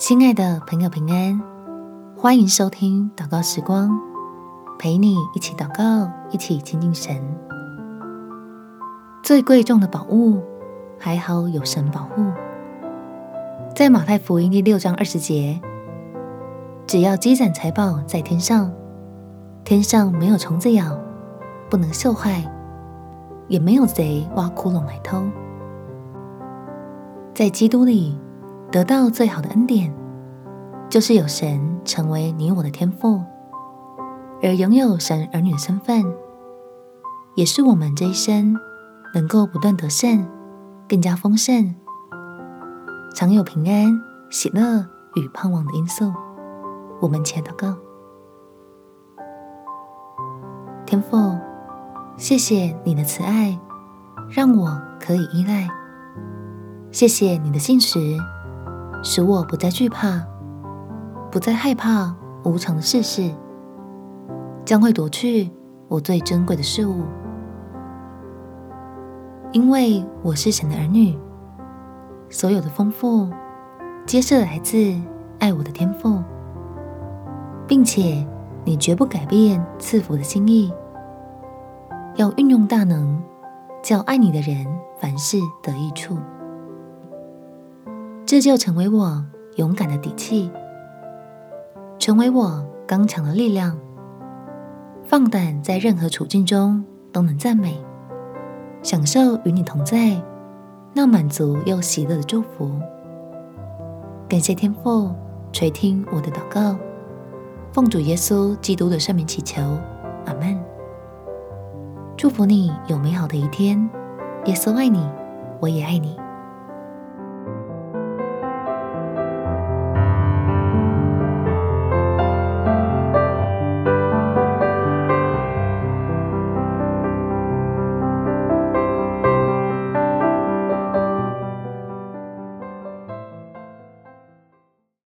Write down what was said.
親愛的朋友，平安！歡迎收聽禱告時光，陪你一起禱告，一起精近神。最貴重的寶物，還好有神保護。在馬太福音第六章二十節，只要積攢財寶在天上，天上沒有蟲子咬，不能鏽壞，也沒有賊挖窟窿來偷。在基督裡。得到最好的恩典，就是有神成為你我的天父，而擁有神兒女的身份，也是我們這一生能夠不斷得勝、更加豐盛、常有平安、喜樂與盼望的因素。我們且禱告：天父，謝謝你的慈愛，讓我可以依賴；謝謝你的信實。使我不再懼怕，不再害怕無常的世事將會奪去我最珍貴的事物。因為我是神的兒女，所有的豐富皆是來自愛我的天父，並且你絕不改變賜福的心意。要運用大能，叫愛你的人凡事得益處。這就成為我勇敢的底氣，成為我剛強的力量。放膽在任何處境中都能讚美，享受與你同在那滿足又喜樂的祝福。感謝天父垂聽我的禱告，奉主耶穌基督的聖名祈求，阿門。祝福你有美好的一天，耶穌愛你，我也愛你。